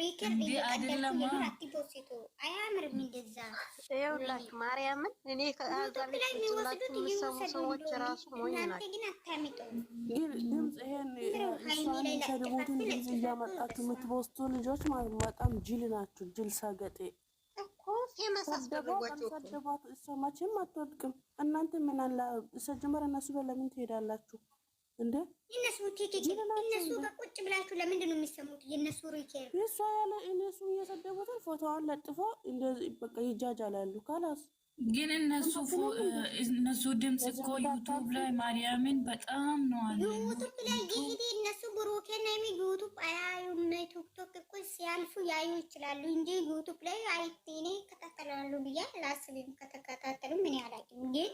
ሪከርድ እየቀደምኩ ይሁን ይኸውላችሁ ማርያምን እኔ ከአዛልችላችሁ የሚሰሙ ሰዎች ራሱ ሞኝ ናቸው። ድምፅ ይሄን እሷን የሚሰድቡትን ድምፅ እያመጣችሁ የምትፖስቱ ልጆች ማለት በጣም ጅል ናችሁ። ጅል ሰገጤ ሰደቧት። እሷ መቼም አትወድቅም። እናንተ ምን አላ ስጀመር እነሱ ለምን ትሄዳላችሁ? እንደ እነሱ ቁጭ ብላችሁ ለምንድን ነው የሚሰሙት? የእነሱ ሪኬር የእሷ ያለ እነሱ እየሰደቡትን ፎቶዋን ለጥፎ እንደዚህ በቃ ይጃጃላሉ ካላስ ግን እነሱ እነሱ ድምፅ እኮ ዩቱብ ላይ ማርያምን በጣም ነው አለ። ዩቱብ ላይ እንግዲህ እነሱ ብሩኬና የሚ ዩቱብ አያዩም። ና ቲክቶክ እኮ ሲያልፉ ያዩ ይችላሉ እንጂ ዩቱብ ላይ አይቴኔ እኔ ይከታተላሉ ብዬ ላስብም። ከተከታተሉ ምን ያላቅም ግን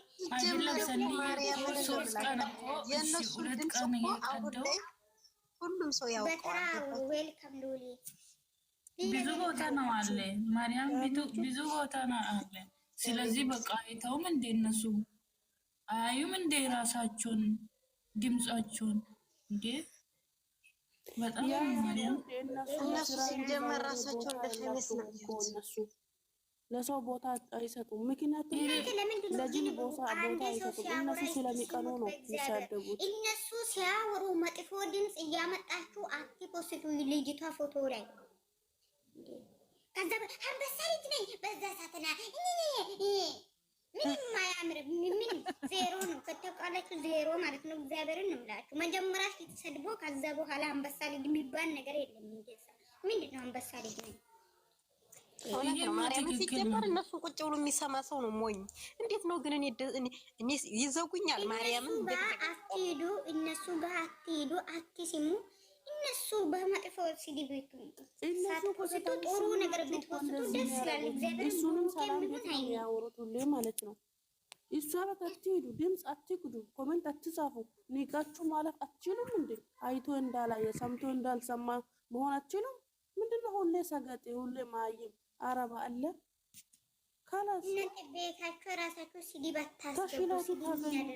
ሶስት ቀን ሁሉም ሰው ያውቀዋል። ዌልካም ሎሊ ብዙ ቦታ ነው አለ ማርያም ብዙ ቦታ ነው አለ ስለዚህ በቃ አይተውም እንዴ እነሱ አያዩም እንዴ ራሳቸውን ድምጻቸውን እንዴ ለሰው ቦታ አይሰጡም። ምክንያቱም ለጅል ቦታ ቦታ አይሰጡም። እነሱ ስለሚቀኑ ነው የሚሳደቡት። እነሱ ሲያወሩ መጥፎ ድምፅ እያመጣችሁ አትፖስቱ። ልጅቷ ፎቶ ላይ ከዛ አንበሳ ልጅ ነኝ በዛ ሳትና ምንም አያምርም። ምንም ዜሮ ነው። ከተቃላችሁ ዜሮ ማለት ነው። እግዚአብሔርን ነው የምላችሁ። መጀመሪያ ፊት ከዛ በኋላ አንበሳ ልጅ የሚባል ነገር የለም። ይገዛ ምንድን ነው አንበሳ ልጅ ነኝ ማርያም ሲጀመር እነሱን ቁጭ ብሎ የሚሰማ ሰው ነው ሞኝ። እንዴት ነው ግን እኔ ይዘጉኛል። ማርያምን አትሄዱ፣ እነሱ ጋር አትሄዱ፣ አትስሙ እነሱ በመጥፎ ሲዲ ቤቱ ሳትፖስቱ ጥሩ ነገር ብትፖስቱ ደስ ይላል። እግዚአብሔር ያወሩት ሁሌ ማለት ነው። እሷ ቤት አትሄዱ፣ ድምፅ አትክዱ፣ ኮመንት አትጻፉ። ንቃችሁ ማለፍ አትችሉም እንዴ? አይቶ እንዳላየ ሰምቶ እንዳልሰማ መሆን አትችሉም? ምንድነው ሁሌ ሰገጤ፣ ሁሌ ማይም አረባ አለ ካላስ ቤታችሁ ራሳችሁ ሲዲ ባታስገቡ ሲዲ ያደርጋል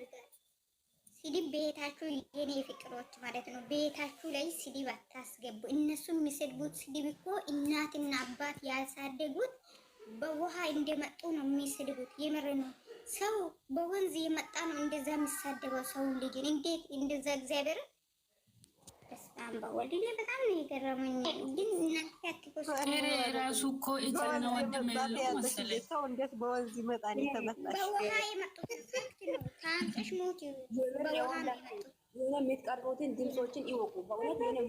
ሲዲብ ቤታችሁ የኔ ፍቅሮች ማለት ነው። ቤታችሁ ላይ ሲዲብ አታስገቡ። እነሱ የሚሰድቡት ሲዲብ እኮ እናትና አባት ያሳደጉት በውሃ እንደመጡ ነው የሚሰድቡት። የምር ነው። ሰው በወንዝ የመጣ ነው እንደዛ የሚሳደበው ሰው ልጅን እንዴት እንደዛ እግዚአብሔርን በስመ አብ ወልድ እኔ በጣም ነው የገረመኝ። ግን ራሱ እኮ የሚቀርቡትን ድምፆችን ይወቁ። ቃልዬ፣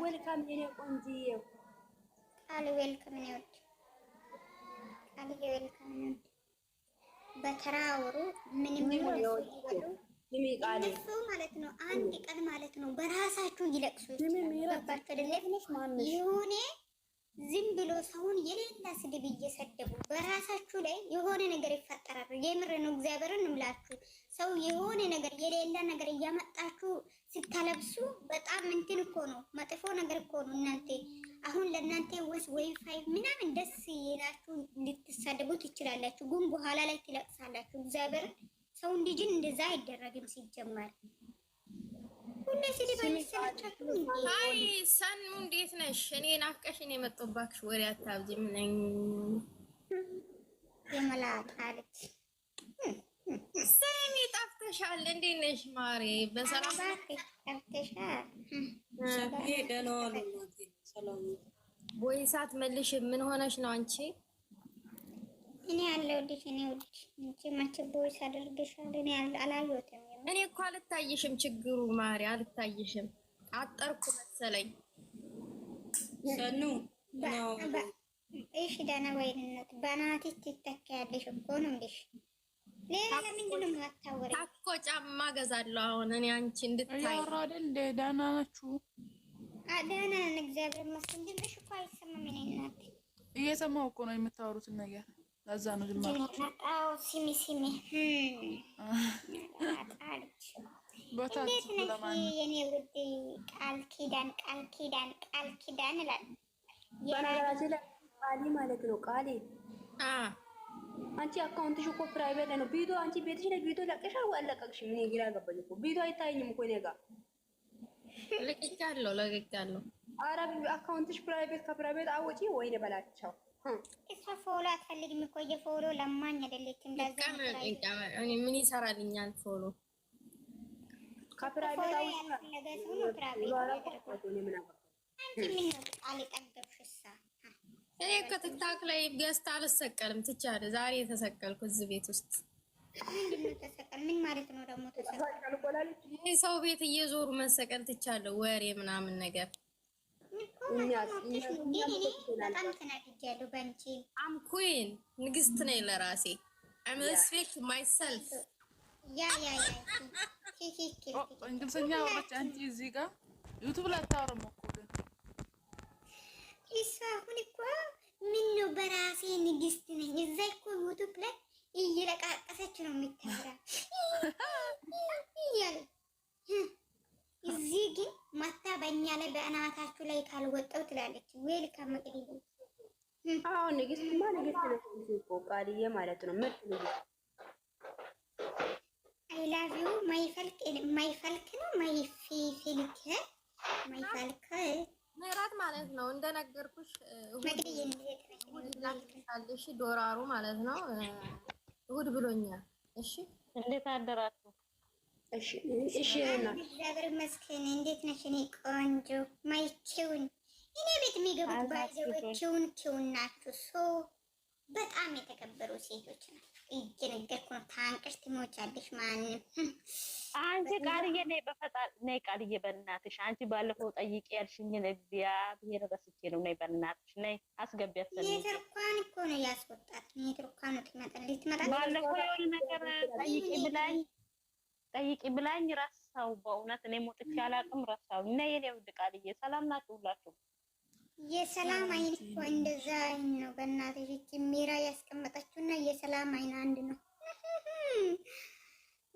ወልካም የኔ ቆንጅዬ ቃል ወልካም ቃልዬው የልካም በተራ አወሩ። ምንም እነሱ ማለት ነው አንድ ቀን ማለት ነው በራሳችሁ ይለቅሱ ይሁኔ ዝም ብሎ ሰውን የሌላ ስድብ እየሰደቡ በራሳችሁ ላይ የሆነ ነገር ይፈጠራሉ። የምር ነው እግዚአብሔርን እምላችሁ ሰው የሆነ ነገር የሌላ ነገር እያመጣችሁ ስታለብሱ በጣም እንትን እኮ ነው፣ መጥፎ ነገር እኮ ነው እናንተ አሁን ለእናንተ ወስ ወይፋይ ምናምን ደስ ይላችሁ ልትሳደቡ ትችላላችሁ፣ ግን በኋላ ላይ ትለቅሳላችሁ። እግዚአብሔር ሰው እንዲጅን እንደዛ አይደረግም። ሲጀመር አይ ሰኑ እንዴት ነሽ? እኔ ናፍቀሽ እኔ መጥቶባክሽ ወሬ አታብጂም ነኝ የመላጣለች ሰሚ ጠፍተሻል። እንዴት ነሽ ማሬ? በሰላም ጠፍተሻል። ደህና ዋሉ እናቴ ሰላም ወይ ሰዓት መልሽ። ምን ሆነሽ ነው አንቺ? እኔ አልወድሽ፣ እኔ ወድሽ እንጂ ማቸ ቦይስ አደርግሻል። እኔ አላየሁትም። እኔ እኮ አልታየሽም። ችግሩ ማሪ አልታየሽም። አጠርኩ መሰለኝ። ሰኑ እሺ፣ ደህና ወይንነት በናትሽ ትተካያለሽ እኮ ነው እንዴሽ። ሌላ ለምንድን ነው የማታወሪኝ? ታኮ ጫማ ገዛለሁ አሁን እኔ አንቺ እንድታይ ያወራው አይደል? ደህና ናችሁ ደህና ነን፣ እግዚአብሔር ይመስገን። ድምፅሽ እኮ አይሰማም። እኔ እናቴ እየሰማሁ እኮ ነው የምታወሩትን ነገር። ለዛ ነው ዝም አልኩት። ሲሚ ሲሚ ቦታ የኔ ውድ ቃል ኪዳን ቃል ኪዳን ቃል ኪዳን እላለሁ። በነገራችን ማለት ነው ቃሌ አንቺ አካውንትሽ እኮ ፕራይቬት ነው። ቢዶ አንቺ ቤትሽ ላይ ቢዶ ለቀሻል ወይ አለቀቅሽም? እኔ ግራ ገባኝ እኮ ቢዶ አይታየኝም እኮ እኔ ጋር ለቅቄያለሁ ለቅቄያለሁ። ኧረ አካውንትሽ ፕራይቬት ከፕራይቬት አውጪ ወይን በላቸው። እሷ ፎሎ አትፈልግም እኮ የፎሎ ለማኝ አይደለችም። ምን ይሰራልኛል ፎሎ ከፕራይቬት እኔ ከትክታክ ላይ ገዝታ አልሰቀልም ትቻለ። ዛሬ የተሰቀልኩ እዚህ ቤት ውስጥ ምን ማለት ሰው ቤት እየዞሩ መሰቀል ትቻለሁ። ወሬ ምናምን ነገር በጣም ኩን ንግስት ነኝ ለራሴ አም ሪስፔክት ማይሰልፍ እንግሊዝኛ ወረች። አንቺ እዚህ ጋር ዩቱብ ላይ እኮ ግን እሷ አሁን እኮ ምን በራሴ ንግስት ነኝ እዛ እኮ ዩቱብ ላይ እየለቃቀሰች ነው የሚታራ እዚህ ግን ማታ በእኛ ላይ በእናታችሁ ላይ ካልወጣው ትላለች። ዌል ከመቅሪቡ አዎ፣ ንግስትማ ንግስት ነች እኮ ቃልዬ ማለት ነው። ምርጥ ንግስት አይ ላቭ ዩ ማይፈልክ ማይፈልክ ነው ማይፈልክ ማይፈልክ ምዕራት ማለት ነው። እንደነገርኩሽ መቅሪዬ ዶራሩ ማለት ነው። እሑድ ብሎኛል። እሺ፣ እንዴት አደራችሁ? እሺ፣ እሺ። እግዚአብሔር ይመስገን። እንዴት ነሽ? እኔ ቆንጆ ማይኪውን እኔ ቤት የሚገቡት ባይዘወችውን ኪውን ናችሁ። ሰው በጣም የተከበሩ ሴቶች ናቸው። እየነገርኩ ነው። ታንቀሽ ትሞቻለሽ። ማንም ቃልዬ ነይ በፈጣሪ ነይ ቃልዬ በእናትሽ አንቺ ባለፈው ጠይቄ ያልሽኝን እግዚአብሔር ረስቼ ነው። ነይ በእናትሽ ነይ አስገቢያት። ሜትር እንኳን እኮ ነው ያስወጣት። ሜትር እንኳን ትመጣለች ትመጣለች። ባለፈው የሆነ ነገር ጠይቂ ብላኝ ጠይቂ ብላኝ ረሳው። በእውነት እኔ ሞጥቼ አላውቅም ረሳው። ነይ የኔ ውድ ቃልዬ ሰላም ናችሁ ሁላችሁ? የሰላም አይን እኮ እንደዛ አይን ነው። በእናትሽ ኪሜራ ያስቀመጠችውና የሰላም አይን አንድ ነው።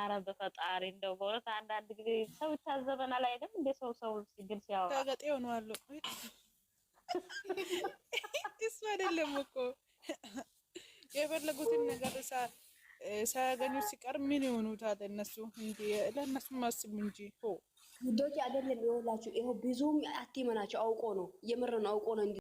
አረ በፈጣሪ እንደው በእውነት አንዳንድ ጊዜ ሰው ይታዘበናል አይደል? እንደ ሰው ሰው ሲግል ሲያወራ ጋጋጤው ነው አሉ። እሱ አይደለም እኮ የፈለጉትን ነገር ሳ ሳያገኙ ሲቀር ምን ይሆኑታል? እነሱ እንጂ ለእነሱ ማስብ እንጂ ሆ ጉዶች አይደለም ይወላችሁ። ይሄ ብዙም አቲመናቸው አውቆ ነው የምር አውቆ ነው።